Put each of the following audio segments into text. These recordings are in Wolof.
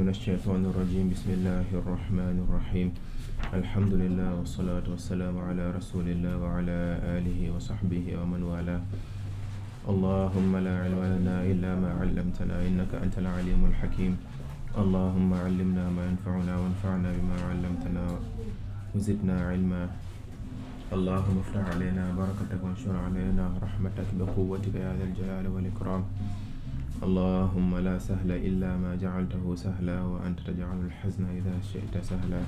min alsheytaan irrajim bismillahi arrahmani irrahim alhamdulilah wasalaatu wasalaamu ala rasulillah wa ala alihi wa saxbihi wa man wala allahuma la ilma lana illa ma allamtana innaka anta alalimu alxakim allahuma allimna ma yanfauna wanfana bima allamtana wa zidna ilma allahuma aftax alayna barakataka wanshur alayna rahmatak bi quwatika ya dal jalali wal ikram allahuma la sahla illa ma jacaltahu sahla wa anta tajcalu alxasna ida chita sahla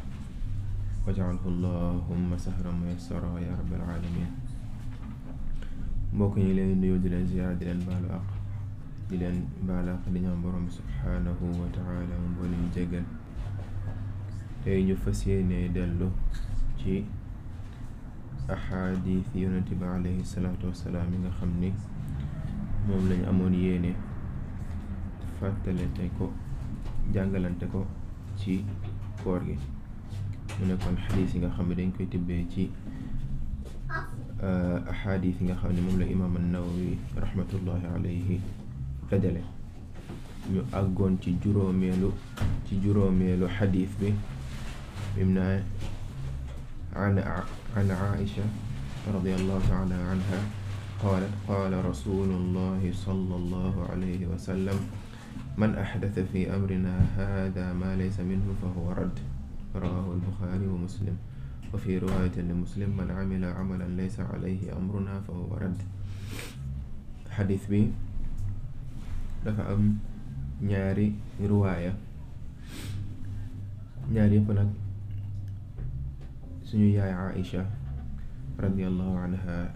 wajcalhu allahuma sahlan muyassara ya rabbal alamin mbokk ñi leen nuyu di leen ziyaar di leen baalu àq di leen baalu àq di ñaan borom bi subhaanahu wa taala mu boole ñu jéggal tey ñu fas yéene dellu ci axaadiis yonente bi alayhi salaatu wasalaam yi nga xam ni moom lañu amoon yéene fàttalente ko ko ci koor gi mu nekkoon xadiis yi nga xam ne dañ koy tibbee ci axaadiis yi nga xam ne moom la imaam an-Nawawi rahmatullahi alayhi ñu àggoon ci juróomeelu ci juróomeelu xadiis bi mim na an an Aisha radiyallahu taala anha qaalat qaala rasulullahi sallallahu alayhi wa sallam man axdata fi amrina hada ma laysa minhu fa huwa radd rawahu albuxaari wa muslim wa fi riwaayatin li muslim man amila amalan laysa alayhi amruna fa huwa radd xadis bi dafa am ñaari ruwaaya ñaari yëpp nag suñu yaay Aïcha radiallahu anha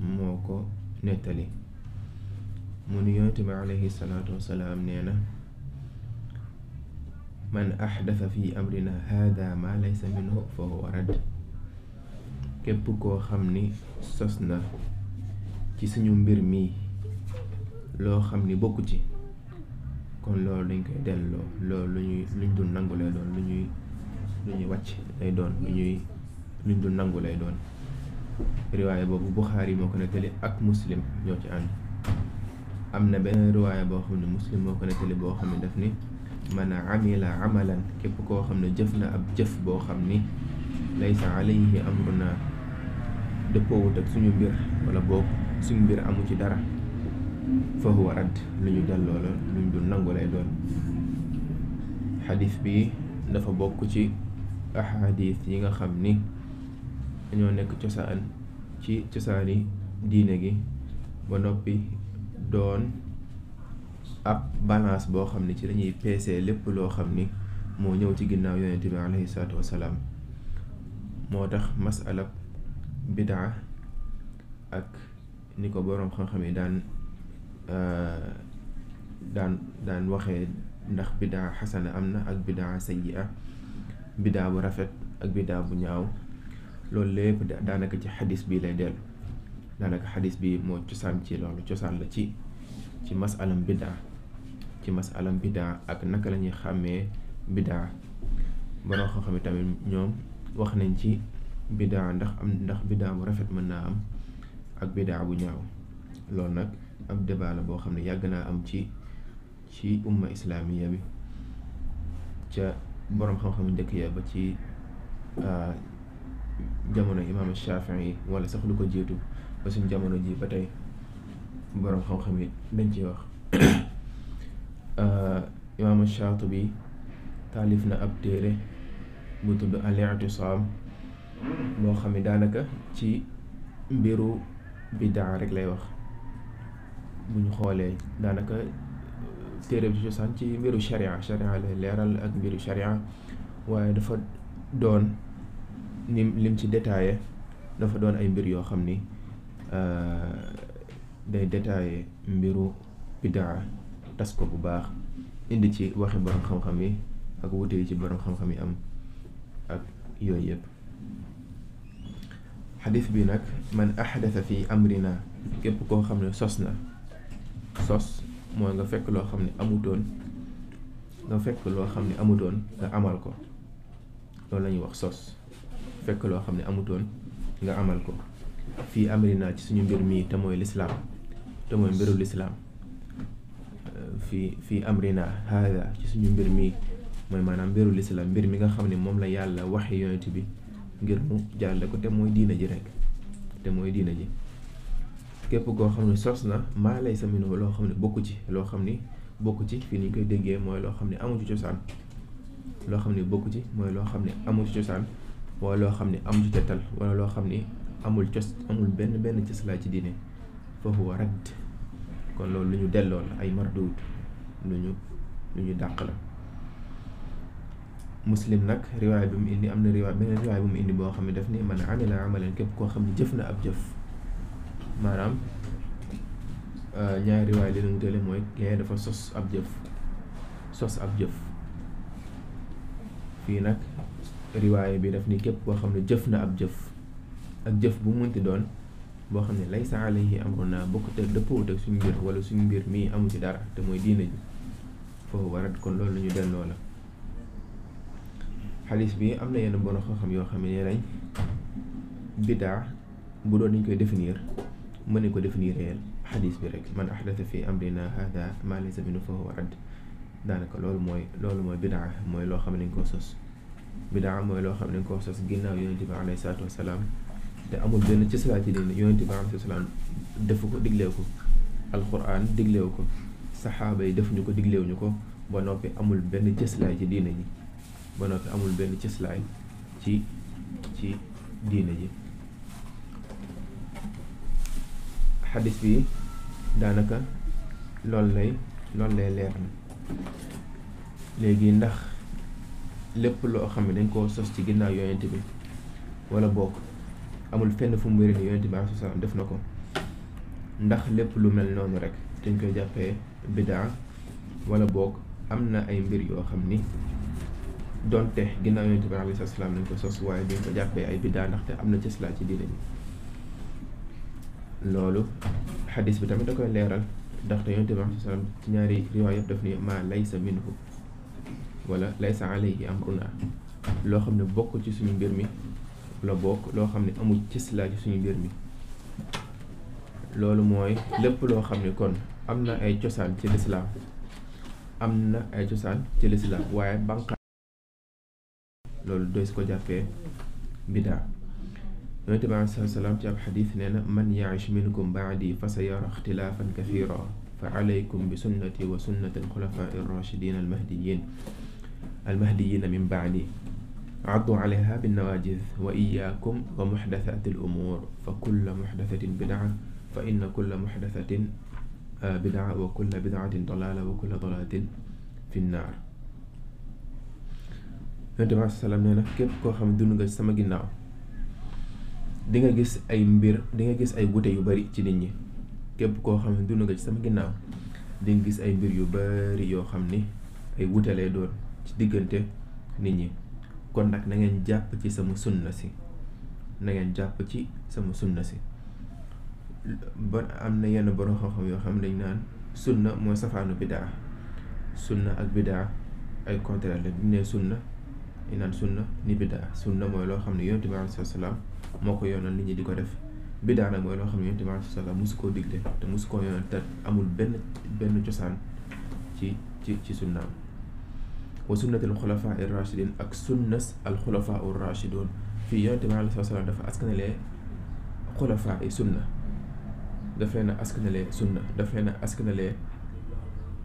moo ko nettali mu ni yonent bi aleyhi salaatu wasalaam nee na man axdafa fi amrina haada ma laysa minhu fa huwa radd képp koo xam ni sos na ci suñu mbir mi loo xam ni bokk ci kon loolu dañ koy delloo loolu lu luñ dul nangu lay doon lu ñuy lu ñuy wàcc lay doon lu ñuy luñ dul nangu lay doon riwaaye boobu Buxaari moo ko nettali ak Muslim ñoo ci ànd am na benn riwaaya boo xam ne muslim moo ko nettali boo xam ne daf ni man amila amalan képp koo xam ne jëf na ab jëf boo xam ni laysa alayhi amruna dëppoowut ak suñu mbir wala boo suñu mbir amu ci dara fa huwa radd lu ñu delloo la lu ñu dul nangu lay doon xadis bi dafa bokk ci ahadis yi nga xam ni dañoo nekk cosaan ci cosaani diine gi ba noppi doon ab balance boo xam ne ci lañuy peesee lépp loo xam ni moo ñëw ci ginnaaw yonent bi alayhi salaatu wasalaam moo tax masalab bidaa ak ni ko boroom xam-xam yi daan euh, daan daan waxee ndax bidaa xasana am na ak bidaa sayyi'a bidaa bu rafet ak bidaa bu ñaaw loolu lépp daanaka ci xadis bii lay dell daanaka xadis bi moo cosaan ci loolu cosaan la ci ci masalam biddaa ci masalam biddaa ak naka lañuy xàmmee biddaa borom xam-xam yi tamit ñoom wax nañ ci biddaa ndax am ndax biddaa bu rafet mën naa am ak biddaa bu ñaaw loolu nag ab débat boo xam ne yàgg naa am ci ci umma bi ca borom xam-xam njëkk ya ba ci ah, jamono imaam Shafii wala sax lu ko jiitu ba jamono ji ba tey boroom xam-xam yi dañ ciy wax euh, imaam bi taalif na ab téere bu tudd al-i'tisaam moo xam ne daanaka ci mbiru bidaa rek lay wax bu ñu xoolee daanaka euh, téere bi cosaan ci mbiru sharia sharia leeral ak mbiru sharia waaye dafa doon nim lim ci détaillé dafa doon ay mbir yoo xam ni Euh, day détaillé mbiru bidaa tas ko bu baax indi ci waxi borom xam-xam yi ak wute ci borom xam-xam yi am ak yooyu yëpp xadis bi nag man axdasa fi amrina képp koo xam ne sos na sos mooy nga fekk loo xam ne amutoon nga fekk loo xam ne amutoon amal ko loolu la wax sos fekk loo xam ne amutoon nga amal ko fii amrina ci suñu mbir mii te mooy lislaam te mooy mbiru lislaam fii fii amrina haada ci suñu mbir mii mooy maanaam mbiru lislaam mbir mi nga xam ne moom la yàlla waxe yonent bi ngir mu jàlle ko te mooy diina ji rek te mooy diina ji képp koo xam ne sos na maa lay sa minhu loo xam ne bokku ci loo xam ni bokk ci fii ni koy déggee mooy loo xam ne amu ci cosaan loo xam ne bokk ci mooy loo xam ne amu ci cosaan wala loo xam ni amu ci tettal wala loo xam ni amul cos amul benn benn cëslaay ci diine fa huwa kon loolu lu ñu delloo la ay marduud lu ñu lu ñu dàq la muslim nag riwaay bi mu indi am na riwaay beneen riwaay bu mu indi boo xam ne daf ni man amila amalan képp koo xam ne jëf na ab jëf maanaam euh, ñaari riwaay li ñu mooy lee dafa sos ab jëf sos ab jëf fii nag riwaay bi def ni képp koo xam ne jëf na ab jëf ak jëf bu munti doon boo xam ne laysa alayhi amruna bokkut ak dëppoowut ak suñu mbir wala suñu mbir mii amu ci dara te mooy diine ji foofu warat kon loolu la ñu delloo la xalis bi am na yenn borom xam-xam yoo xam ne nee nañ bidaa bu dañ koy définir mën nañ ko définir réel xadis bi rek man ahdatha fi amrina hada ma laysa minhu fa huwa radd daanaka loolu mooy loolu mooy bidaa mooy loo xam ne dañ koo sos bidaa mooy loo xam ne dañ koo sos ginnaaw yonente bi alayhi salaatu wasalaam te amul benn ci salaat ci diine yonente bi alayhi salaam defu ko digleewu ko alquran digleewu ko saxaaba yi defuñu ko digleewuñu ko ba noppi amul benn cëslaay ci diine ji ba noppi amul benn cëslaay ci ci diine ji xadis bi daanaka loolu lay loolu lay leer na léegi ndax lépp loo xam ne dañ koo sos ci ginnaaw yonent bi wala bokk amul fenn fu mu wéree ni yonent bi alayhi salaam def na ko ndax lépp lu mel noonu rek dañ koy jàppee bidaa wala boog am na ay mbir yoo xam ni donte ginnaaw yonent bi alayhi salaam nañ ko sos waaye duñ ko jàppee ay bidaa ndaxte am na cëslaa ci diine loolu xadis bi tamit da koy leeral ndaxte yonent bi alayhi salaam ci ñaari riwaay yëpp daf ni ma laysa minhu wala laysa alayhi amruna loo xam ne bokk ci suñu mbir mi la bokk loo xam ne amul cëslaa suñu biir mi loolu mooy lépp loo xam ne kon am na ay cosaan ci am na ay cosaan ci waaye banqaas loolu doy su ko jàppee bidaa yonent bi aleyhi salaatu salaam ci ab xadiis nee na man yaish minkum baadi fa sa yara ixtilaafan kathira fa aleykum bi sunnati wa sunnati alxulafaa irrachidin almahdiyin almahdiyin min baadi addu alayha binnawajiz wa l umuur fa kulla muxdasatin bidaa fa inna kulla na képp koo xam dund nga sama ginnaaw di nga gis ay mbir di nga gis ay wute yu bari ci nit ñi képp koo xam ne dund nga ci sama ginnaaw di nga gis ay mbir yu bari yoo xam ni ay wute lay doon ci diggante nit ñi kon nag na ngeen jàpp ci sama sunna na ngeen jàpp ci sama sunna si na yenn borom xam-xam yoo xam dañ naan sunna mooy safaanu bidaa sunna ak bidaa ay contraire bu ñu nee sunna ñu naan sunna ni bidaa sunna mooy loo xam ne yonent bi alayhi salaam moo ko yoonal nit ñi di ko def bidaa nag mooy loo xam ne yonent bi alayhi salaam mosu ko digle te mosu koo yoonal te amul benn benn cosaan ci ci ci sunnaam wa sunnatil xulafaa ir rachidin ak sunnas al xulafaa ur rachidun fii yonente bi alayhi salaam dafa askanalee xulafaa yi sunna daf leen a askanalee sunna daf leen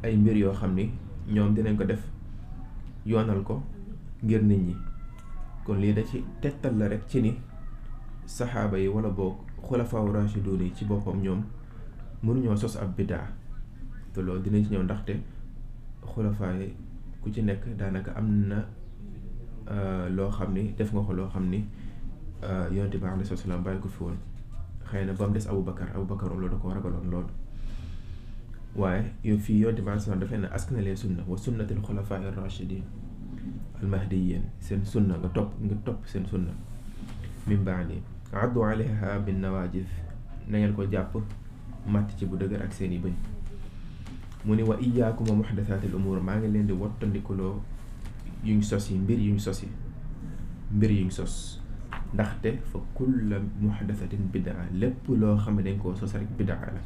ay mbir yoo xam ni ñoom dinañ ko def yoonal ko ngir nit ñi kon lii da ci tegtal la rek ci ni saxaaba yi wala boog xulafaa ur rachidun yi ci boppam ñoom mënuñoo sos ab bidaa te loolu dinañ ci ñëw ndaxte xulafaa yi ku ci nekk daanaka am na euh, loo xam ni def nga ko loo xam ni euh, yonent bi alayhi salaam bàyyi ko fi woon xëy na ba mu des Aboubacar Aboubacar loolu da ko ragaloon lool waaye yow fii yonent bi alayhi salaam dafay ne askanalee sunna wa sunnatil xulafaa ir rachidin al mahdiyyin seen sunna nga topp nga topp seen sunna min baadi addu alayha bin nawaajif na ngeen ko jàpp màtt ci bu dëgër ak seeni i bëñ. mu ne wa iyyaakum wa muhdathaatil umuur maa ngi leen di wattandikuloo yuñ sos yi mbir yuñ sos yi mbir yuñ sos ndaxte fa kulla muhdathatin biddaa lépp loo xam dañ koo sos rek biddaa la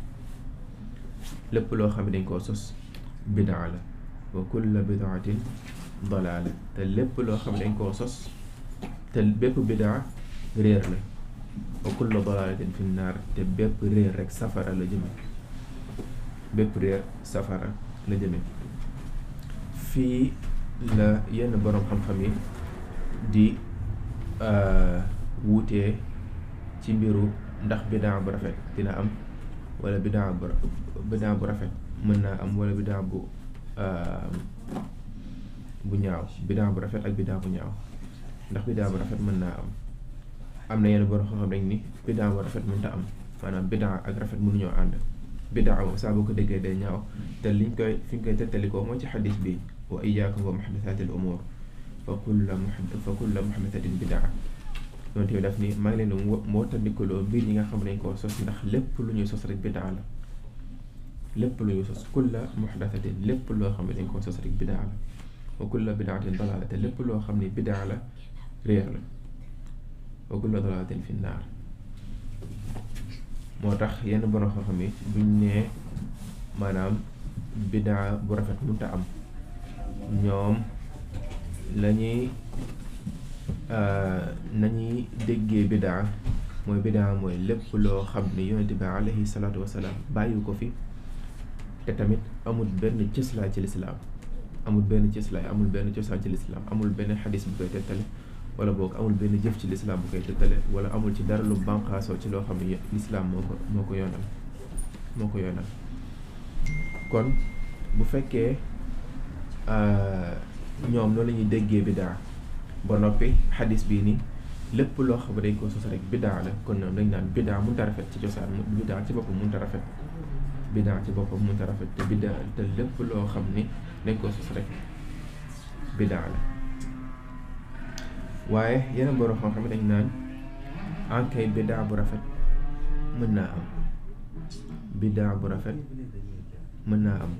lépp loo xam ne dañ koo sos biddaa la wa kulla bidaatin dalaala te lépp loo xam ne dañ koo sos te bépp biddaa réer la wa kulla dalaalatin fi naar te bépp réer rek safara la jëme bépp réer safara la jëme fii la yenn boroom xam-xam yi di euh, wuutee ci mbiru ndax bidaa bu rafet dina am wala bidaa bu bidaa bu rafet mën naa am wala bidaa bu euh, bu ñaaw bidaa bu rafet ak bidaa bu ñaaw ndax bidaa bu rafet mën naa am am na yenn boroom xam-xam dañ ni bidaa bu rafet mënta am maanaam bidaa ak rafet mënuñoo ànd bidaa saa boo ko déggee day ñaaw te liñ koy fi ñu koy tëttalikoo mooy ci xadis bi wa iyaakum wa muhdathaati al umuur fa kulla fa kulla muhdathatin bidaa bi daf ni maa ngi leen di moo tandikuloo mbir yi nga xam ne dañ koo sos ndax lépp lu ñuy sos rek bidaa la lépp lu ñuy sos kulla lépp loo xam ne dañ koo sos rek bidaa la wa kulla bidaatin dalaala te lépp loo xam ne bidaa la réer la wa kulla dalaalatin fi naar moo tax yenn borom xam-xam yi buñ nee maanaam bidaa bu rafet mënta am ñoom lañuy euh, nañuy déggee bidaa mooy bidaa mooy lépp loo xam ni yonente bi alayhi salaatu wasalaam bàyyi ko fi te tamit amul benn cëslaay ci lislaam amul benn cëslaay amul benn cosaan ci lislaam amul benn xadis bu koy tettale wala boog amul benn jëf ci lislaam bu koy tëkkale wala amul ci dara lu banqaasoo ci loo xam ne lislaam moo ko moo ko yoonal moo ko yoonal kon bu fekkee euh, ñoom noonu la ñuy déggee biddaa ba noppi xadis bii nii lépp loo xam ne dañ ko sos rek bidaa kon ñoom dañ naan bidaa mënut rafet ci cosaan bidaa ci boppam mënut a rafet bidaa ci boppam mënut a rafet te lépp loo xam ni dañ ko sos la waaye yeneen borom xam-xam dañ naan enkay biddaa bu rafet mën naa am biddaa bu rafet mën naa am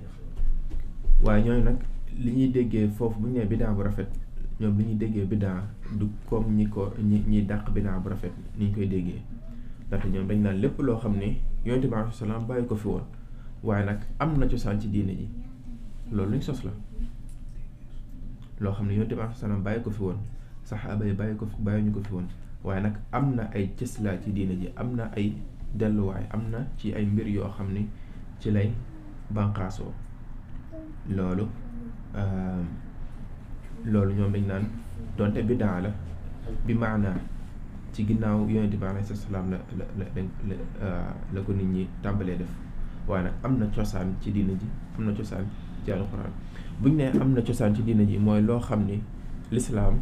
waaye ñooñu nag li ñuy déggee foofu bu ñu nee biddaa bu rafet ñoom li ñuy déggee biddaa du comme ñi ko ñi ñiy dàq biddaa bu rafet ni ñu koy déggee ndaxte ñoom dañ naan lépp loo xam ne yonent bi alayhi salaam bàyyi ko fi woon waaye nag am na cosaan ci diine ji loolu luñ sos la loo xam ne yonent bi alayhi salaam bàyyi ko fi woon saxaaba yi bàyyi ko fi bàyyi ñu ko fi woon waaye nag am na ay cëslaa ci diina ji am na ay delluwaay am na ci ay mbir yoo xam ni ci lay bànqaasoo loolu euh, loolu ñoom dañ naan donte biddaa la bi maanaa ci ginnaaw yonent bi alayhi salaam euh, la ko nit ñi tàmbalee def waaye nag am na cosaan ci diina ji am na cosaan ci alxuraan bu ñu nee am na cosaan ci diina ji mooy loo xam ni lislaam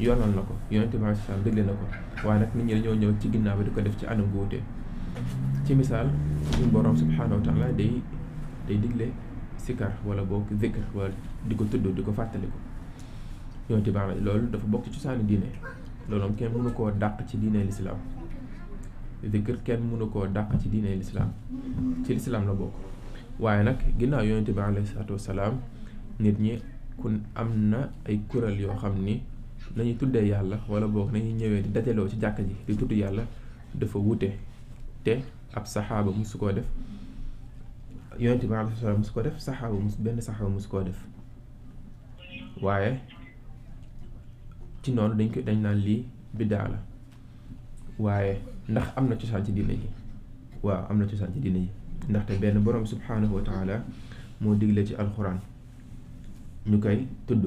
yoonoon na ko yonente bi alayhi salaam dégle na ko waaye nag nit ñi dañoo ñëw ci ginnaaw bi di ko def ci anam gu ci misaal suñu borom subhaanahu wa taala day day digle sikar wala boog zikr wala di ko tudd di ko fàttaliku yonente bi loolu dafa bokk ci cosaani diine loolu kenn mënu ko dàq ci diine lislaam zikr kenn mënu ko dàq ci diine lislaam ci lislaam la bokk waaye nag ginnaaw yonente bi alayhi salaatu wasalaam nit ñi kun am na ay kuréel yoo xam ni nañu tuddee yàlla wala boog nañu ñëwee di dajaloo ci jàkk ji di tudd yàlla dafa wute te ab saxaaba musu koo def yonent bi alayhi salaam ko def saxaaba mus benn saxaaba musu koo def waaye ci noonu dañ ko dañ naan lii biddaa la waaye ndax am na cosaan ci diine ji waaw am na cosaan ci diine ji ndaxte benn borom subhaanahu wa taala moo digle ci alxuraan ñu koy tudd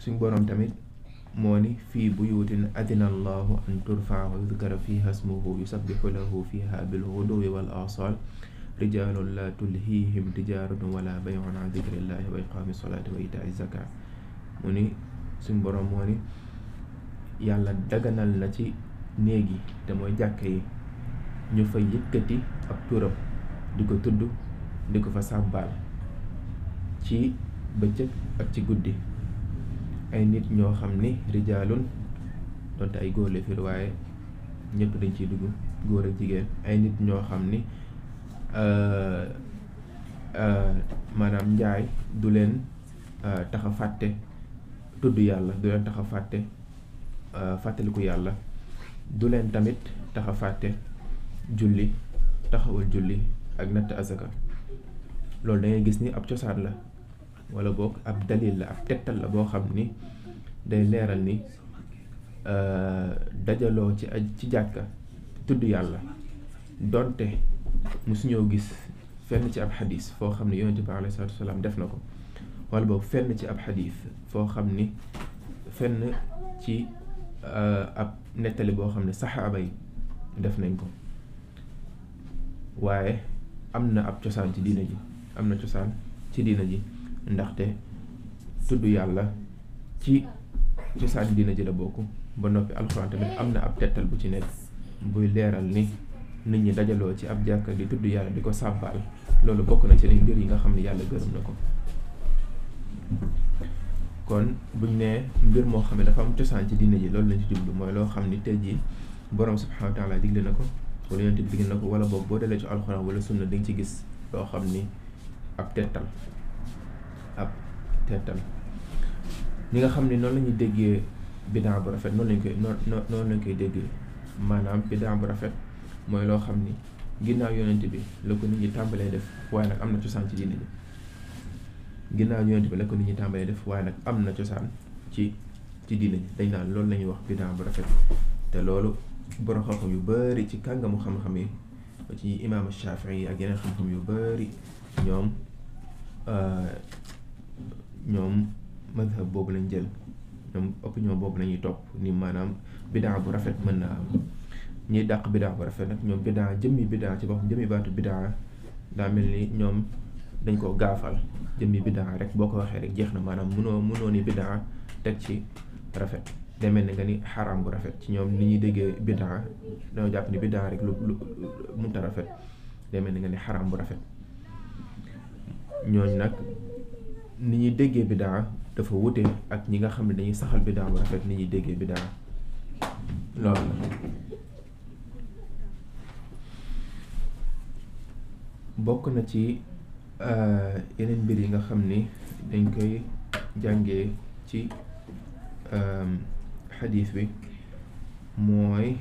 suñ boroom tamit moo ni fii buyuutin adina allahu an turfaa wa yudkara fiha smuhu yusabbihu lahu fiha bilguduwi wal asal rijalun la tulhihim tijaratun wala bayun an dikrillahi wa iqaami salaati wa itaai zaka mu ni suñ boroom moo ni yàlla daganal na ci néegi yi te mooy jàkka yi ñu fa yëkkati ab turam di ko tudd di ko fa sàbbaal ci bëccëg ak ci guddi ay nit ñoo xam ni rijaalun donte ay góor la waaye ñëpp dañ ciy dugg góor jigéen ay nit ñoo xam ni euh, euh, maanaam njaay du leen euh, tax fàtte tudd yàlla du leen tax fàtte fàttaliku yàlla du leen tamit tax a fàtte julli taxawal julli ak natt asaka loolu dangay gis ni ab cosaan la wala boog ab dalil la ab tegtal la boo xam ni day leeral ni euh, dajaloo ci aj ci jàkka tudd yàlla donte musuñoo gis fenn ci ab xadis foo xam ne yonente bi alayhi salaatu wasalaam def na ko wala boog fenn ci ab xadis foo xam ni fenn ci euh, ab nettali boo xam ne saxaaba def nañ ko waaye am na ab cosaan ci dina ji am na cosaan ci dina ji ndaxte tudd yàlla ci cosaan diina ji la bokk ba noppi alxuraan tamit am na ab tettal bu ci nekk buy leeral ni nit ñi dajaloo ci ab jàkka di tudd yàlla di ko sàbbaal loolu bokk na ci li mbir yi nga xam ne yàlla gërëm na ko kon buñ ne mbir moo xam ne dafa am cosaan ci diine ji loolu lañ ci jublu mooy loo xam ni tey jii borom subhanahu wa taala digle na ko wala yonent bi digle na ko wala boobu boo delee ci alxuraan wala sunna di nga ci gis loo xam ni ab tettal ab teetal ni nga xam ne noonu la déggee bidaa bu rafet noonu lañ koy noonu noonu lañ koy déggee maanaam bidaa bu rafet mooy loo xam ni ginnaaw yonent bi la ko nit ñi tàmbalee def waaye nag am na cosaan ci diine ji ginnaaw yonent bi la ko ñi tàmbalee def waaye am na cosaan ci ci diine ji dañ naan loolu lañuy wax bidaa bu rafet te loolu borom xam-xam yu bari ci kàngamu xam-xam yi ci imaam Shafii yi ak yeneen xam-xam yu bari ñoom euh, ñoom madhab boobu lañ jël ñoom opinion boobu la ñuy topp nii maanaam bidaa bu rafet mën naa am ñiy dàq bidaa bu rafet nag ñoom bidaa jëmmi bidaa ci boppam jëmmi baatu bidaa daa mel ni ñoom dañ koo gaafal jëmmi bidaa rek boo ko waxee rek jeex na maanaam mënoo mënoo ni bidaa teg ci rafet demee ni nga ni xaraam bu rafet ci ñoom ni ñuy déggee bidaa dañoo jàpp ni bidaa rek lu lu mënta rafet demee na nga ni xaraam bu rafet ñooñ nag ni ñuy déggee bidaa dafa wute ak ñi nga xam ne dañuy saxal bidaa bu rafet ni ñuy déggee bidaa loolu la bokk na ci euh, yeneen mbir yi nga xam ni dañ koy jàngee ci euh, xadiis bi mooy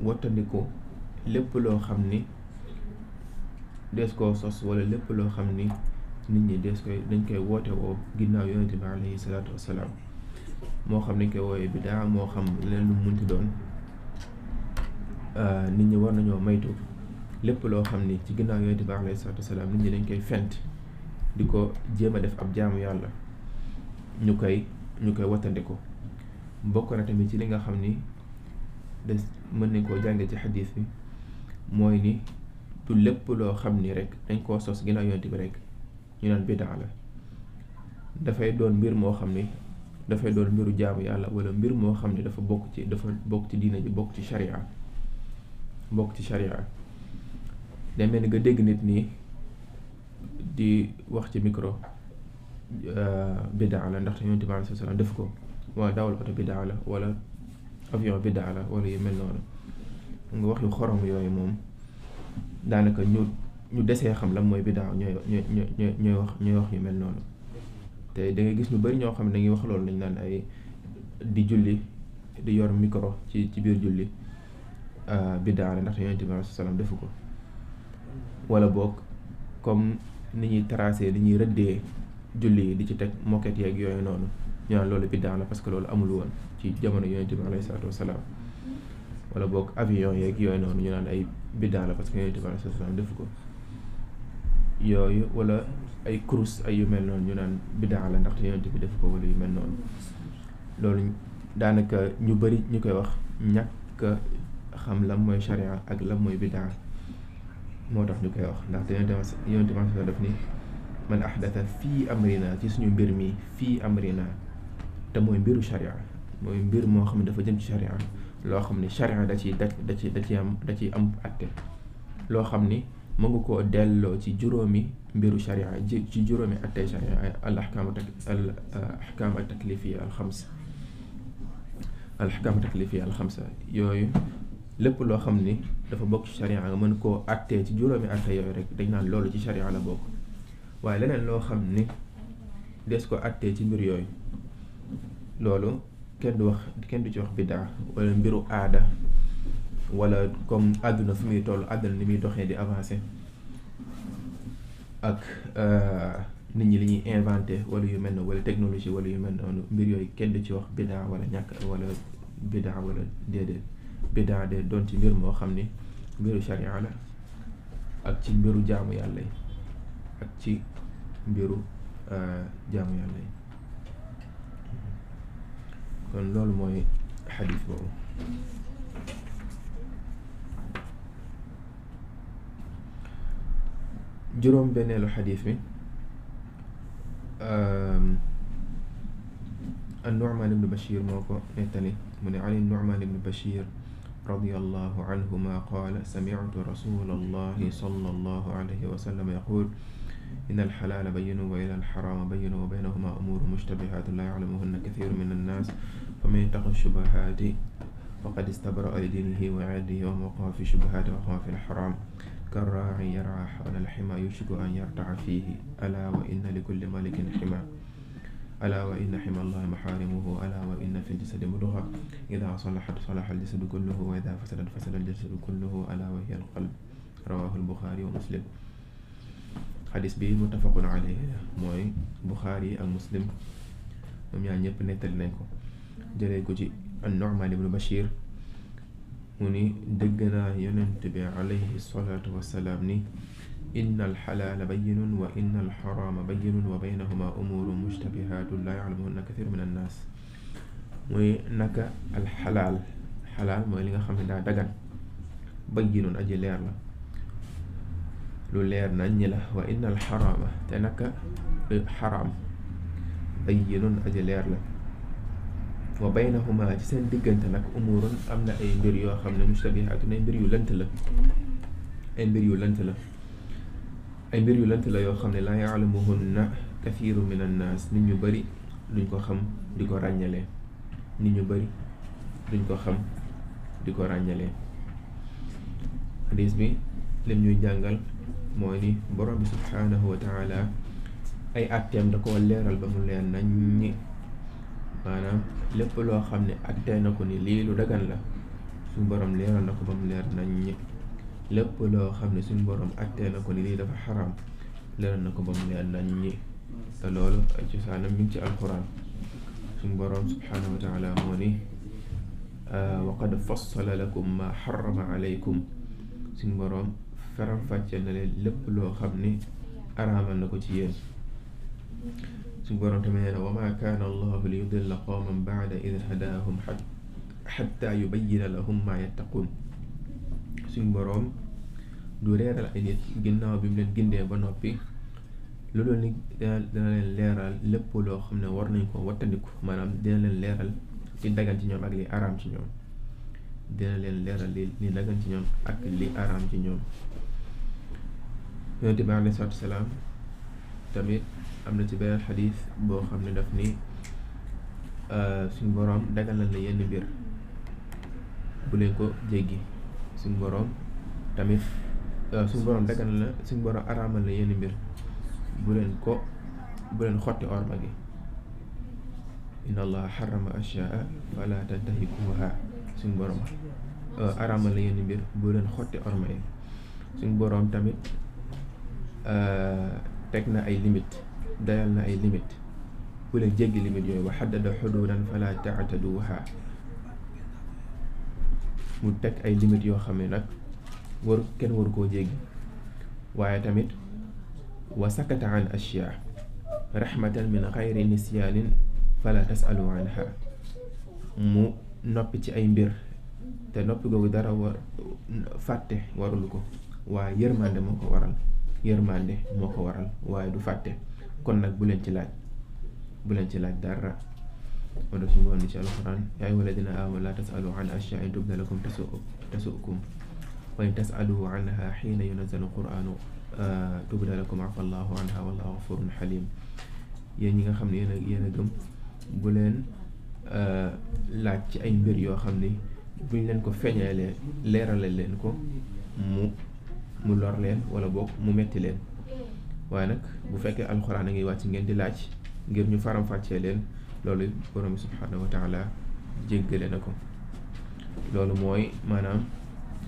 wattandiku lépp loo xam ni des koo sos walla lépp loo xam ni nit ñi des koy dañ koy woote woo ginnaaw yonente bi alayhi salaatu wasalaam moo xam dañ koy woowee daa moo xam leen lu munti doon euh, nit ñi war nañoo maytu lépp loo xam ni ci ginnaaw yonente bi alayhi salaatu wasalaam nit ñi dañ koy fent di ko jéem a def ab jaamu yàlla ñu koy ñu koy wattandiku bokk na tamit ci li nga xam ni des mën nañ koo jànge ci xadiis bi mooy ni du lépp loo xam ni rek dañ koo sos ginnaaw yonente bi rek ñu naan bidaa la dafay doon mbir moo xam ni dafay doon mbiru jaamu yàlla wala mbir moo xam ne dafa bokk ci dafa bokk ci diina ji bokk ci sharia bokk ci sharia day mel ni nga dégg nit nii di wax ci micro euh, bidaa la ndaxte yonent bi alayhi salaam def ko wala dawal oto bidaa la wala avion bidaa la wala yu mel noonu nga wax yu xorom yooyu moom daanaka ñu ñu desee xam lan mooy bidaa ñooy ñooy ñooy wax ñooy wax yu mel noonu te da ngay gis ñu bari ñoo xam ne dañuy wax loolu dañ naan ay di julli di yor micro ci ci biir julli euh, bidaa la ndaxte yonent bi alayhi defu ko wala boog comme ni ñuy tracé ni ñuy rëddee julli yi di ci teg moquette yeeg yooyu noonu ñu naan loolu bidaa la parce que loolu amul woon ci jamono yonent bi alayhi salaatu wasalaam wala boog avion yeeg yooyu noonu ñu naan ay bidaa la que defu ko yooyu wala ay kurus ay yu mel noonu ñu naan bidaa la ndaxte yonent bi def ko wala yu mel noonu loolu daanaka ñu bari ñu koy wax ñàkk xam lan mooy charia ak la mooy bidaa moo tax ñu koy wax ndaxte yonent bi def ni man ahdata fii amrina ci suñu mbir mi fii amrina te mooy mbiru charia mooy mbir moo xam ne dafa jëm ci charia loo xam ne charia da ciy da da ci da ci am da ciy am atte loo xam ni mën nga koo delloo ci juróomi mbiru sharia ci juróomi attey sharia al ahkaamu tak al uh, ahkaamu taklifiya al xamsa al ahkaamu taklifiya al xamsa yooyu lépp loo xam ni dafa bokk ci sharia nga mën koo attee ci juróomi atte yooyu rek dañ naan loolu ci sharia la bokk waaye leneen loo xam ni des ko attee ci mbir yooyu loolu kenn du wax kenn du ci wax biddaa wala mbiru aada wala comme àdduna fi muy toll àdduna ni muy doxee di avancé ak euh, nit ñi li ñuy inventé wala yu mel noonu wala technologie wala yu mel noonu mbir yooyu kenn du ci wax bidaa wala ñàkk wala bidaa wala déedéet bidaa de doon ci mbir moo xam ni mbiru sharia la ak ci mbiru jaamu yàlla yi ak ci mbiru euh, jaamu yàlla yi kon loolu mooy xadiis boobu juróom benneelu xadiis bi um, an-Nu'man ibn Bashir moo ko nettali mu ne ani an-Nu'man ibn Bashir radiyallahu anhuma qaala sami'tu rasulallahi sallallahu alayhi wa sallam yaqul إن الحلال بين وإن الحرام بين وبينهما أمور مشتبهات لا يعلمهن كثير من الناس فمن يتق الشبهات فقد استبرأ لدينه وعرضه ووقع في الشبهات ووقع في الحرام كالراعي يرعى حول الحمى يوشك أن يرتع فيه ألا وإن لكل ملك حمى ألا وإن حمى الله محارمه ألا وإن في الجسد مضغة إذا صلحت صلح الجسد كله وإذا فسدت فسد الجسد كله ألا وهي القلب رواه البخاري ومسلم xadis bi muttafaqun alayhi mooy Buxaari ak Muslim ñoom ñaar ñëpp nettali nañ ko jëlee ko ci an Nu'maan ibnu Bashir mu ni dëgg naa yonent bi alayhi salaatu wassalaam ni inna alxalaala bayinun wa xalaal mooy li nga xam ne daa dagan bayinun aji leer la lu leer nañ ñi la wa inna alxaraama te naka xaraam eh, bayinun aji leer la wa baynahuma ci seen diggante nag umurun am na ay mbir yoo xam ne mustabihatun ay ak yu lënt la ay mbir yu lënt la ay mbir yu lënt la yoo xam ne laa yaalamuhunna kathiru min annaas nit ñu bari duñ ko xam di ko ràññalee nit ñu bari duñ ko xam di ko ràññalee xadis bi lim ñuy jàngal mooy ni borom bi subhaanahu wa ay àtteem da koo leeral ba mu leer nañ ñi maanaam lépp loo xam ne ak na ko ni lii lu dagan la suñ boroom leeral na ko ba mu leer nañ ñi lépp loo xam ne suñ borom ak tey na ko ni lii dafa xaraam leeral na ko ba mu leer nañ ñi te lool ay cosaanam mi ngi ci alquran suñ borom subhanahu wa taala moo ni ah, wa qad lakum ma xarama aleykum suñ borom faram fàcce na leen lépp loo xam ne araamal na ko ci yéen suñu borom tamit nee na wa maa kaana allahu li yudilla qawman baada id hadaahum xatta yubayyina lahum maa yattaquun suñu borom du reeral ay nit ginnaaw bi mu leen gindee ba noppi loolu ni dina leen leeral lépp loo xam ne war nañ ko wattandiku maanaam dina leen leeral li dagan ci ñoom ak li araam ci ñoom dina leen leeral li li dagan ci ñoom ak ci ñoom salaam tamit am na ci beneen xadis boo xam ne daf ni euh, suñ boroom daganal na yenn mbir bu leen ko jéggi suñ boroom tamit euh, suñ boroom daganal na suñ boroom araamal na yenn mbir bu leen ko bu leen xotti orma gi inna allaha xarama ashyaa fala tantahikuha suñ boroom euh, araamal na yenn mbir bu leen xotti orma yi suñ boroom tamit teg na ay limite dayal na ay limite ku ne jéggi limite yooyu wa xaddada xuduudan fala taataduha mu teg ay limite yoo xam ne nag war kenn waru koo jéggi waaye tamit wa sakata an ashyaa raxmatan min xayri nisyaanin fala tasalu anha mu noppi ci ay mbir te noppi googu dara fàtte warul ko waaye yërmande moo ko waral yërmande moo ko waral waaye du fàtte kon nag bu leen ci laaj bu leen ci laaj dara moo def suñu borom ni ci alxuraan yaa ayyuhaa lladiina aamanuu laa tas'aluu an ashyaa in tubda lakum tasu'kum wa in tas'aluu anhaa hiina yunazzalu l-qur'aanu tubda lakum afaa llaahu anhaa wallaahu gafuurun haliim ñi nga xam ne yéen a a gëm bu leen laaj ci ay mbir yoo xam ni buñ leen ko feeñalee leerale leen ko mu lor leen wala boog mu metti leen waaye nag bu fekkee alxuraan a ngi ci ngeen di laaj ngir ñu faram-fàccee leen loolu borom subhaanahu wa taala jéggale na ko loolu mooy maanaam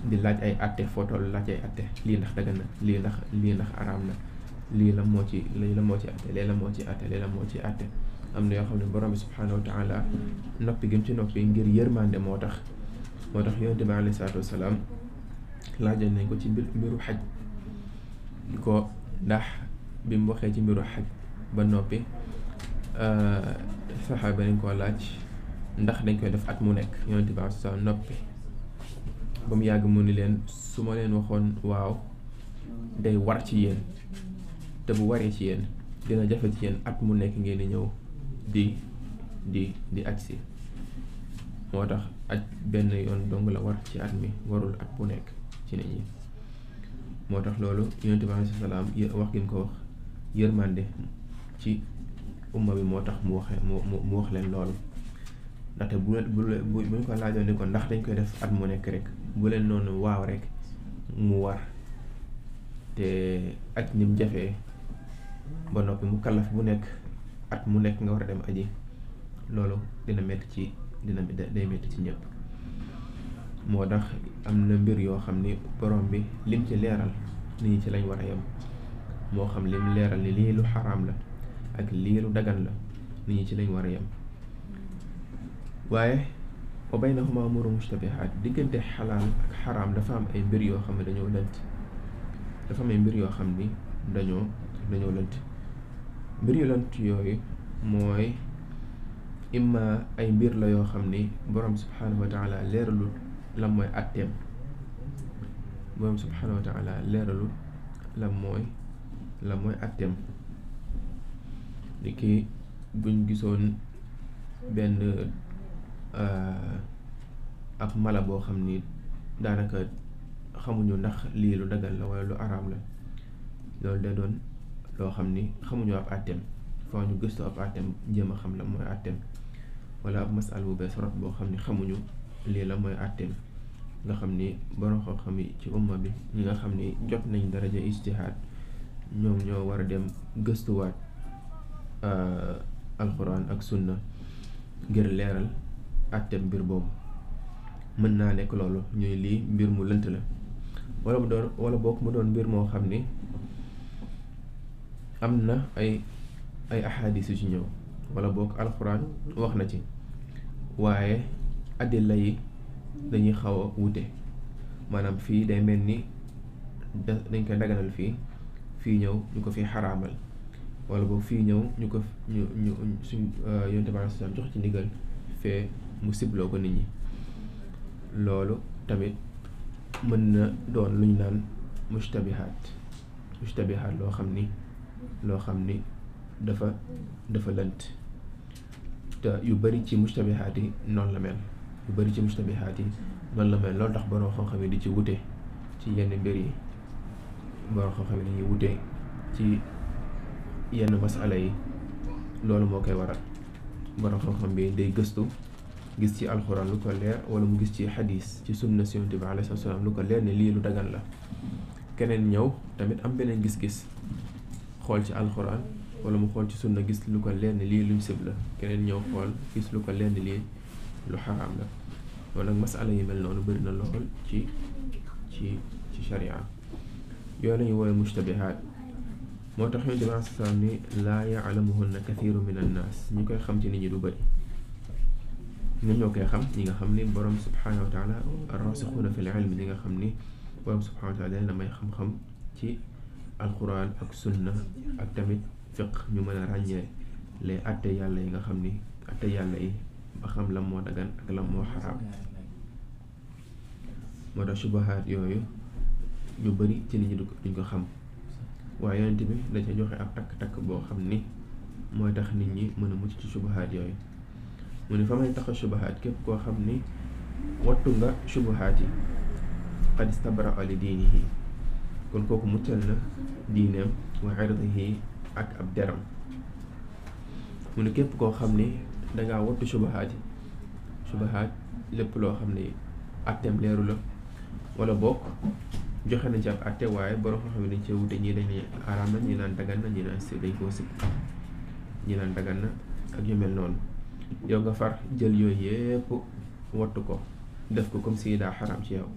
di laaj ay atte footol laaj ay atte lii ndax dagan na lii ndax lii ndax araam na lii la moo ci lii la moo ci atte lii la moo ci atte lii la moo ci atte am na yoo xam ne borom bi subhaanahu noppi gim ci noppi ngir yërmande moo tax moo tax yonent bi alayhi salaatu laaj laajoon nañ ko ci mbiru xaj ko bi mu waxee ci mbiru xaj ba noppi euh, saxaaba dañ koo laaj ndax dañ koy def at mu nekk yonent sa noppi ba yàgg mu ni leen su ma leen waxoon waaw day war ci yéen te bu waree ci yéen dina jafe ci yéen at mu nekk ngeen di ñëw di di di aj si moo tax aj benn yoon dong la war ci at mi warul at mu nekk ci nit ñi moo tax loolu yonent bi salaam wax gi mu ko wax yërmande ci umma bi moo tax mu waxe mu wax leen loolu ndaxte bu bu buñ ko laajoon ni ko ndax dañ koy def at mu nekk rek bu leen noonu waaw rek mu war te ak ni mu jafee ba noppi mu kalaf bu nekk at mu nekk nga war a dem aji loolu dina metti ci dina day metti ci ñëpp moo tax am na mbir yoo xam ni borom bi lim ci leeral nit ñi ci lañ war a yem moo xam li leeral ni lii lu xaraam la ak lii lu dagan la nit ñi ci lañ war a yem waaye wa baynahuma umuru mushtabihaat diggante xalaal ak xaraam dafa am ay mbir yoo xam ne dañoo lënt dafa am mbir yoo xam ni dañoo dañoo lënt mbir yu lënt yooyu mooy imma ay mbir la yoo xam ni boroom subxanahu wa ta'ala leeralul lan mooy atteem borom subxanahu wa ta'ala leeralul lan mooy. la mooy àtteem ni ki buñ gisoon benn euh, ab mala boo xam ni daanaka xamuñu ndax lii lu dagal la wala lu araam la loolu da doon loo xam ni xamuñu ab àtteem foo ñu gëstu ab àtteem jéem a xam la mooy àtteem walla ab masal bu bees rot boo xam ni xamuñu lii la mooy àtteem nga xam ni borom xam-xam ci umma bi ñi nga xam ni jot nañ daraja istihaad ñoom ñoo war a dem gëstuwaat euh, alxuraan ak sunna ngir leeral àtteem mbir boobu mën naa nekk loolu ñuy lii mbir mu lënt la walla mu wala bokk mu doon mbir moo xam ni am na ay ay ahadis yu ci ñëw wala bokk alxuraan wax na ci waaye àddila yi dañuy xaw a wute maanaam fii day mel ni dañ ko daganal fii fii ñëw ñu ko fi xaraamal wala boog fii ñëw ñu ko ñu ñu suñ euh, yonte ba salaam jox ci ndigal fee mu sibloo ko nit ñi loolu tamit mën na doon lu ñu naan mustabihaat mustabihaat loo xam ni loo xam ni dafa dafa lënt te yu bari ci mustabihaat yi noonu la mel yu bari ci mustabihaat yi noonu la mel loolu tax borom xam-xam yi di ci wute ci yenn mbir yi borom xam-xam yi dañuy wute ci yenn masala yi loolu moo koy waral borom xam-xam bi day gëstu gis ci alxuraan lu ko leer wala mu gis ci xadis ci sunna si yonent bi alayhi salaam lu ko leer ne lii lu dagan la keneen ñëw tamit am beneen gis-gis xool ci alxuraan wala mu xool ci na gis lu ko leer ne lii luñ sib la keneen ñëw xool gis lu ko leer ne lii lu xaraam la loolu nag masala yi mel noonu bëri lool ci ci ci sharia yooyu lañu woowe mushtabihaat moo tax yonent bi alayhi salaam ni laa yaalamuhunna kathiru min annaas ñu koy xam ci nit ñi du bëri ñoom ñoo koy xam ñi nga xam ni borom subhaanahu wa taala rasixuuna fil ilm ñi nga xam ni borom subhaanahu wa taala may xam ci alquran ak sunna ak tamit fiq ñu mën a ràññee les atte yàlla yi nga xam ni atte yàlla yi ba xam la moo dagan ak lan moo xaraam moo tax subahaat yooyu ñu bari ci nit ñi duñ ko xam waaye yonent bi da ca joxe ab takk-takk boo xam ni mooy tax nit ñi mën a mucc ci subahaat yooyu mu ne fa may tax a subahaat képp koo xam ni wattu nga subahaat yi qad istabraa li diinihi kon kooku muccal na diineem wa irdihi ak ab deram mu ne képp koo xam ni dangaa wattu subahaat yi subahaat lépp loo xam ne atteem leeru la wala bokk joxe nañ ci ab àtte waaye borom xam-xam dañ cee wute ñii dañ ne araam na ñii naan dagan na ñii naan si dañ koo si ñii naan dagan ak yu noonu yow nga far jël yooyu yépp wattu ko def ko comme si daa xaraam ci yow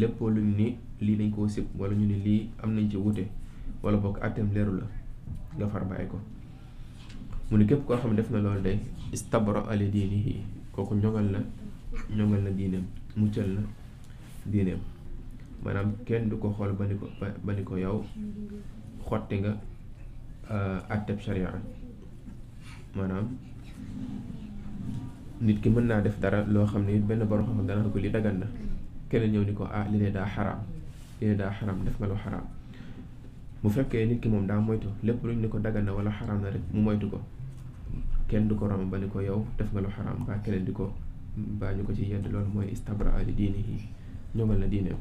lépp luñ ni lii dañ koo sib wala ñu ne lii am nañ ci wute wala bokk àtteem leeru la nga far bàyyi ko mu ne képp koo xam ne def na loolu de istabro ale diini yi kooku ñoŋal na ñoŋal na diineem muccal na diineem maanaam kenn du ko xool ba ni ko ba ni ko yow xotti nga àtteb euh, sharia maanaam nit ki mën naa def dara loo xam ne benn borom xam dana ko li dagan na keneen ñëw ni ko ah li ne daa xaraam li ne daa xaraam def nga lu xaraam bu fekkee nit ki moom daa moytu lépp luñ ni ko dagan na wala xaraam na rek mu moytu ko kenn du ko romb ba ni ko yow def nga lu xaraam mbaa keneen di ko mbaa ñu ko ci yedd loolu mooy istabraa li diini yi ñoŋal na diineem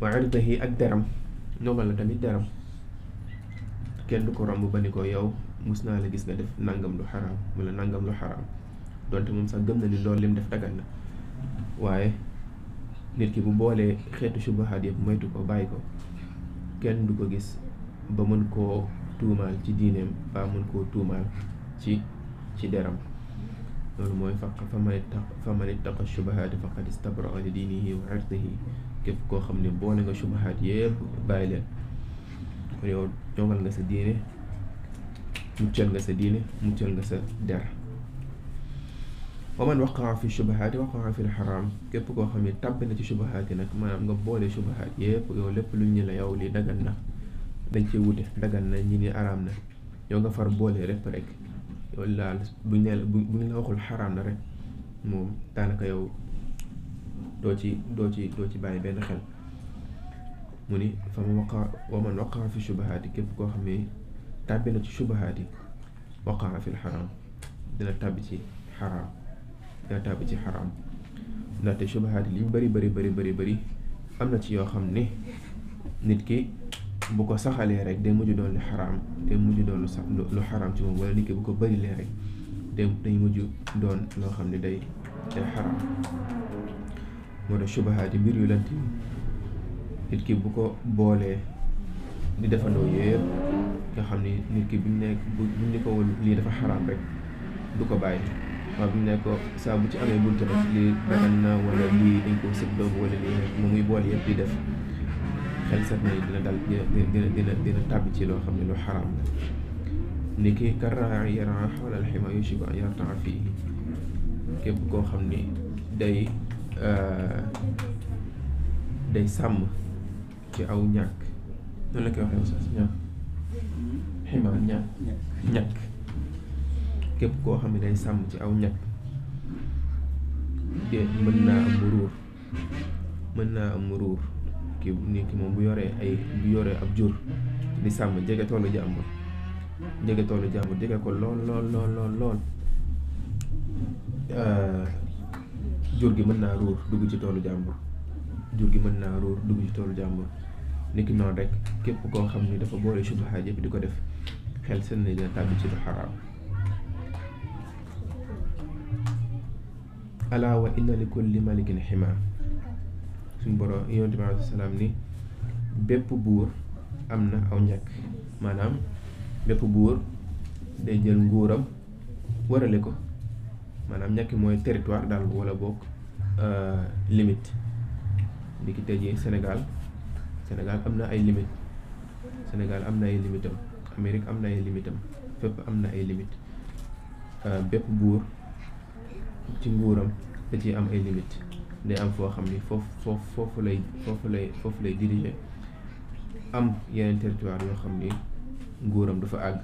wa irdihi ak deram ndogal la tamit deram kenn du ko romb ba ni ko yow mus naa la gis nga def nangam lu xaraam wala nangam lu xaraam donte moom sax gëm na ni loolu lim def dagan na waaye nit ki bu boolee xeetu subahaat yëpp moytu ko bàyyi ko kenn du ko gis ba mën koo tuumaal ci diineem ba mën koo tuumaal ci ci deram loolu mooy faq fa man ittaqa fa man ittaqa subahaati faqad istabraa li diinihi wa irdihi képp koo xam ne boole nga subahaat yépp bàyyi leen kon yow jongal nga sa diine muccal nga sa diine muccal nga sa der wa man waqaa fi subahaati waqaa fi lxaraam képp koo xam ne tàbbi na ci subahaati nag maanaam nga boole subahaat yépp yow lépp lu ñu la yow li dagan na dañ ci wute dagan na ñi ni araam na yow nga far boole rek rek yow laal bu ñu la waxul xaraam na rek moom daanaka yow doo ci doo ci doo ci bàyyi benn xel mu ni fa ma waqa wa man waqaa fi shubahaat képp koo xam ne tàbbi na ci shubahaat yi waqaa fi xaraam ci xaraam dina tàbbi ci xaraam ndaxte shubahaat yi li ñu bari bari bëri bëri bëri am na ci yoo xam ne nit ki bu ko saxalee rek day mujj doon lu xaraam day doon lu sax lu xaraam ci moom wala nit bu ko bërilee rek day day mujj doon loo xam ni day day xaraam moo tax subahaat yi mbir wi lant yi nit ki bu ko boolee di defandoo yëpp nga xam ni nit ki buñ nekk buñ ni ko woon lii dafa xaraam rek du ko bàyyi waaw buñ ne ko saa bu ci amee buntu rek lii dagan na wala lii dañ koo sëb doomu wala lii rek moom muy boole yëpp di def xel sax na dina dal dina dina dina dina ci loo xam ne lu xaraam la ni ki karaa yaran xawla alxima yusibu an yartaa fii képp koo xam ni day Euh, day sàmm ci aw ñàkk noonu ñàkk ñàkk képp koo xam ne day sàmm ci aw ñàkk te mën naa am ruur mën naa am ruur ki nit ki moom bu yoree ay bu yoree ab jur di sàmm jege toolu jàmbur jege toolu jàmbur jege ko lool lool lool lool euh, jur gi mën naa ruur dugg ci toolu jàmbur jur gi mën naa ruur dugg ci toolu jàmbur niki noonu rek képp koo xam ni dafa boole subaxaay yëpp di ko def xel seen ni dina tàbbi ci lu xaraam alaa wa inna li kulli malikin ximaa suñ borom yonent bi alayhi bépp buur am na aw ñàkk maanaam bépp buur day jël nguuram warale ko maanaam ñàkk mooy territoire daal wala bokk Euh, limite li ki tey senegal Sénégal am na ay limite senegal am na ay limite am Amérique am na ay limite am fépp am na ay limite euh, bépp buur ci nguuram da ci am ay limite day am foo xam ni foofu foofu lay foofu lay foofu lay diriger am yeneen territoire yoo xam ni nguuram dafa àgg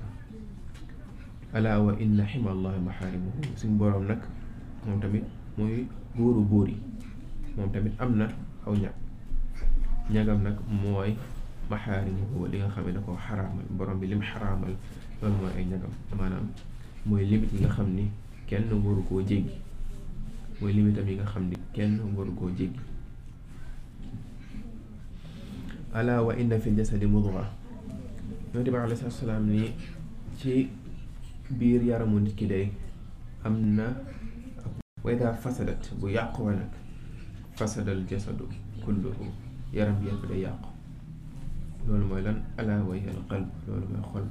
ala wa inna ximallahi maxaarimuhu suñ boroom nag moom tamit muy góoru góor yi moom tamit am na aw ñag ñagam nag mooy maxaarimu li nga xam ne da koo xaraamal borom bi lim xaraamal loolu mooy ay ñagam maanaam mooy limite yi nga xam ni kenn waru koo jéggi mooy limitam yi nga xam ni kenn waru koo jéggi ala wa inna fi jasadi mudga yonent bi alayhi salaam ni ci biir yaramu nit ki day am na wa ida fasadat bu yàquwa nag fasadal jasadu kulluhu yaram yëpp day yàqu loolu mooy lan ala wa hiya al loolu mooy xol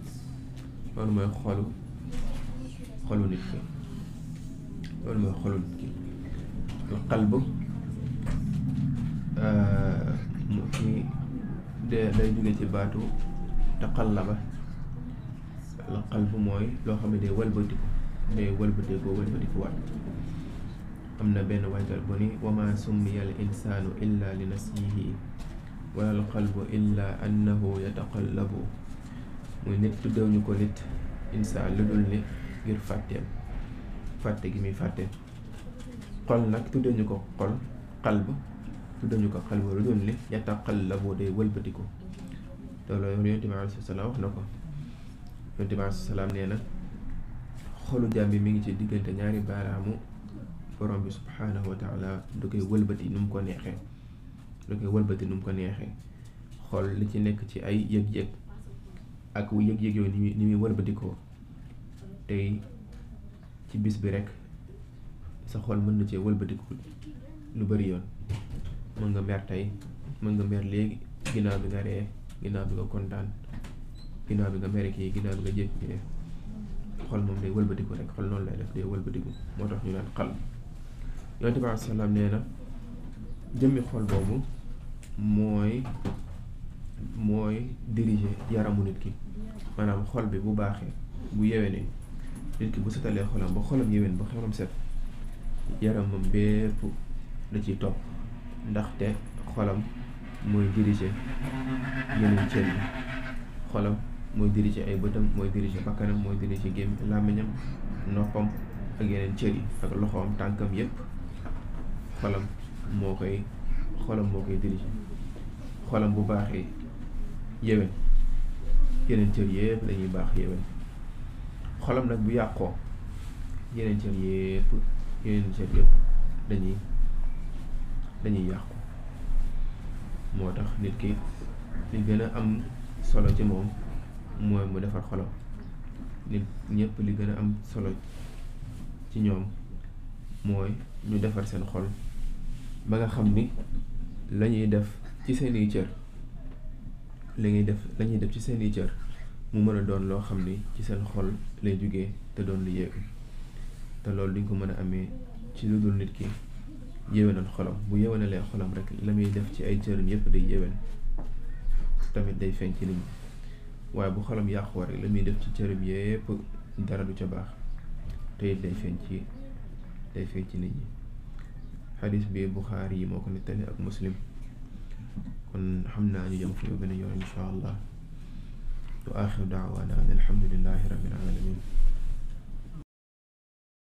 loolu mooy xolu xolu nit ki loolu mooy xolu nit ki al euh, mu fi de lay jóge ci baatu taqallaba al qalb mooy loo xam ne day walbatiku day walbatiku walbatikuwaat am na benn waykat bu ni wama summiya insaanu illa li nasihi wala al qalbu illa annahu yataqallabu muy nit tuddewuñu ko nit insaan lu dul ni ngir fàtteem fàtte gi muy fàtte xol nag tuddewuñu ko xol qalb tuddewuñu ko qalb lu dul ni yataqallabu day wëlbatiku loolu yonent bi alayhi salaam wax na ko yonent bi alayhi salaam nee na xolu jaam bi mi ngi ci diggante ñaari baaraamu borom bi subhaanahu wa taala du koy wëlbati nu mu ko neexee du koy walbati nu mu ko neexee xool li ci nekk ci ay yëg-yëg ak yëg-yëg yooyu ni muy ni muy wëlbatikoo tey ci bis bi rek sa xol mën na cee wëlbatiku lu bari yoon mën nga mer tey mën nga mer léegi ginnaaw bi nga ree ginnaaw bi nga kontaan ginnaaw bi nga mere kii ginnaaw bi nga jékki xol moom day wëlbatiku rek xol noonu lay def day wëlbatiku moo tax ñu naan xal yonent bi alayhi salaam nee na jëmmi xol boobu mooy mooy diriger yaramu nit ki maanaam xol bi bu baaxee bu yewenee nit ki bu setalee xolam ba xolam yewen ba xolam set yaramam bépp la ciy topp ndaxte xolam mooy diriger yeneen cër yi xolam mooy diriger ay bëtam mooy diriger bakkanam mooy diriger gémmiñ làmmiñam noppam ak yeneen cër yi ak loxoom tànkam yépp xolam moo koy xolam moo koy dirigé xolam bu baaxee yéwén yeneen cër yépp dañuy baax yéwén xolam nag bu yàqoo yeneen cër yépp yeneen cër yépp dañuy dañuy yàqu moo tax nit ki li gën a am solo ci moom mooy mu defar xolam nit ñépp li gën a am solo ci ñoom mooy ñu defar seen xol ba nga xam ni la ñuy def ci seeni cër la ñuy def lañuy def ci seeni cër mu mën a doon loo xam ni ci seen xol lay jóge te doon lu yéeg te loolu duñ ko mën a amee ci lu dul nit ki yéwénal xolam bu yéwénalee xolam rek la muy def ci ay cëram yépp day yéwén tamit day feeñ ci nit ñi waaye bu xolam yàqu rek la muy def ci cëram yépp dara du ca baax te it day feeñ ci day feeñ ci nit ñi. xadis bi buxaari yi moo ko nettali ak muslim kon xam naa ñu jëm fu ñu beneen yoon insha allah wa axiru daawaana an alhamdulilahi rabbil alamin